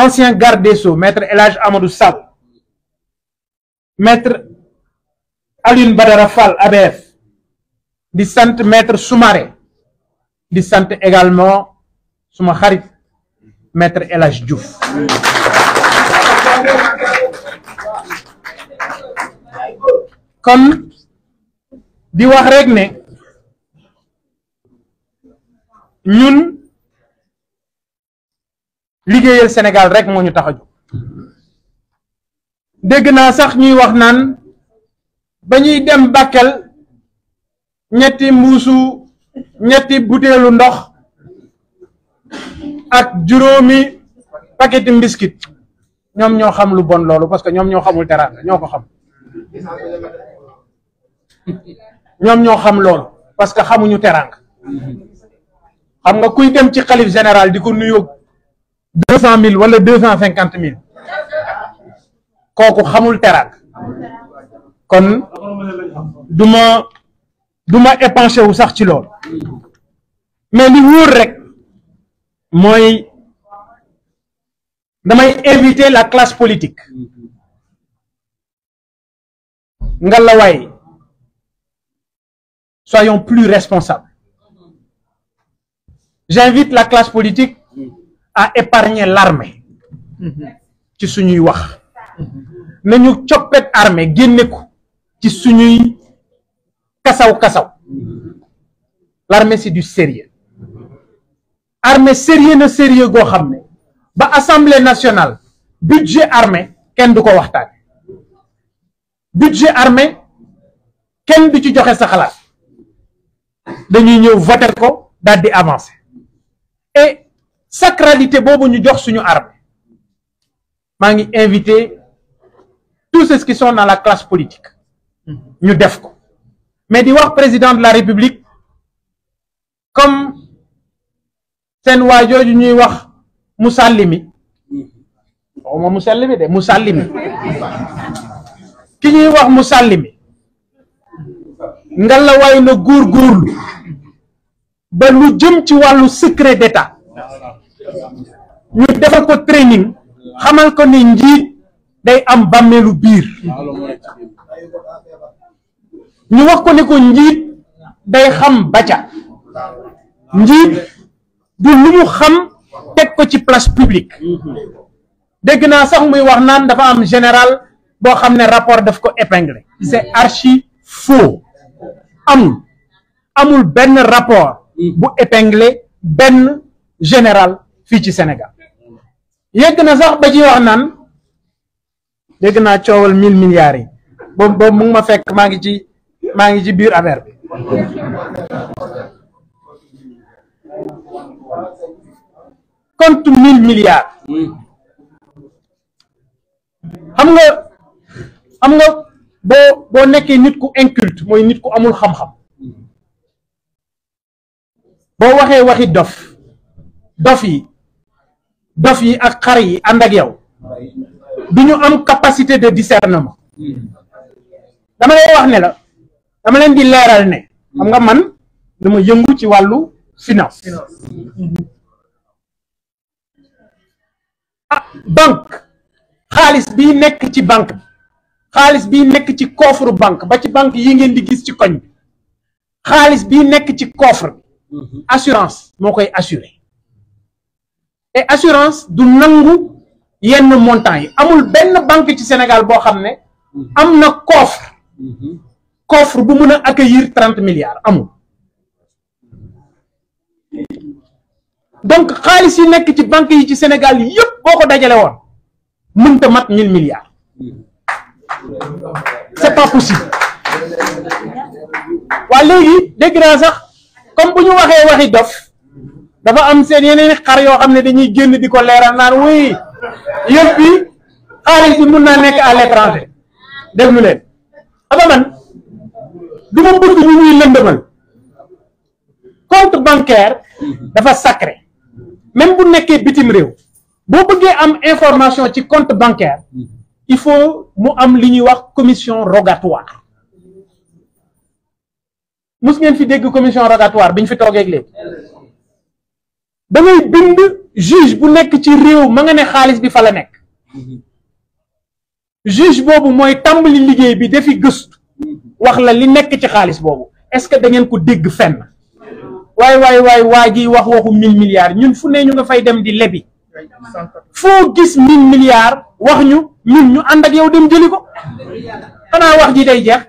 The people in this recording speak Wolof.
ancien garde des Sceaux maître El Hadj Amadou Sall maître Alioune Badara Fall ABF di sant maître Soumaré di sant également suma xarit maître El Hadj Diouf kon di wax rek liggéeyal Sénégal rek moo ñu tax a jóg dégg naa sax ñuy wax naan ba ñuy dem bakkel ñetti mbuusu ñetti butéelu ndox ak juróomi paqueti mbiskit ñoom ñoo xam lu bon loolu parce que ñoom ñoo xamul teraanga ñoo ko xam ñoom ñoo xam loolu parce que xamuñu teraanga xam nga kuy dem ci xalif général di ko nuyoo deux mille wala deux cent cinquante mille kooku xamul teraak kon du ma du ma épanché wu sax ci lool mais li wóor rek mooy damay inviter la classe politique nga la waay soyons plus responsables j'invite la classe politique a épargné l'armée ci suñuy wax nañu coppet armé génne ko ci suñuy kasaw-kasaw l'armée c'est du sérieux armée sérieux na sérieux goo xam ne ba assemblée nationale budget armée kenn du ko waxtaan budget armée kenn du ci joxe sa xalaat dañuy ñëw voter ko daal di avancer sacralité boobu ñu jox suñu armée maa ngi invité tous ceux qui sont dans la classe politique ñu def ko mais di wax président de la république comme seen waa jooju ñuy wax musallimi waxuma musallimi de musallimi ki ñuy wax musallimi nga la way na góorgóorlu ba lu jëm ci wàllu secret d'état ñu defal ko training xamal ko ni njiit day am bàmmeelu biir ñu wax ko njiit day xam baca njiit du lu xam teg ko ci place publique dégg naa sax muy wax naan dafa am général boo xam ne rapport daf ko épinglé c'est archi faux amul amul benn rapport bu épinglé benn général fii ci Sénégal yëgg na sax ba ci wax naan dégg naa coowal mille milliards yi boobu boobu mu ma fekk maa ngi ci maa ngi ci biir affaire bi compte mille milliards xam nga xam nga boo boo nekkee nit ku inculte mooy nit ku amul xam-xam boo waxee waxi dof dof dof yi ak xar yi ànd ak yow du ñu am capacité de discernement dama lay wax ne la dama leen di leeral ne xam nga man dama yëngu ci wàllu finance ah xaalis bi nekk ci banque bi xaalis bi nekk ci coffre banque ba ci banque yi ngeen di gis ci koñ bi xaalis bi nekk ci coffre bi mm-hmm. assurance moo koy assuré et assurance du nangu yenn montant yi amul benn banque ci Sénégal boo xam ne am na coffre coffre bu mën a accueillir trente milliards amul donc xaalis yi nekk ci banque yi ci Sénégal yëpp boo ko dajale woon mënta mat mille milliards c'est pas possible waa léegi dégg sax comme bu ñu waxee dof dafa am seen yeneen xar yoo xam ne dañuy génn di ko leeral naan wuy yëf bi xaalis bi mun naa nekk à l'étranger déglu leen aba man du ma bëgg ñu ñuy lëndëmal compte bancaire dafa sacré même bu nekkee bitim réew boo bëggee am information ci compte bancaire il faut mu am li ñuy wax commission rogatoire mus ngeen fi dégg commission rogatoire bi ñu fi toogee léegi da ngay bind juge bu nekk ci réew ma nga ne xaalis bi fa la nekk juge boobu mooy tàmbali liggéey bi dafi gëstu wax la li nekk ci xaalis boobu est-ce que da ngeen ko dégg fenn waaye waaye waaye waa ji wax waxu mille milliards ñun fu ne ñu nga fay dem di lebi foo gis mille milliards wax ñu ñun ñu ànd ak yow dem jëli ko xanaa wax ji day jeex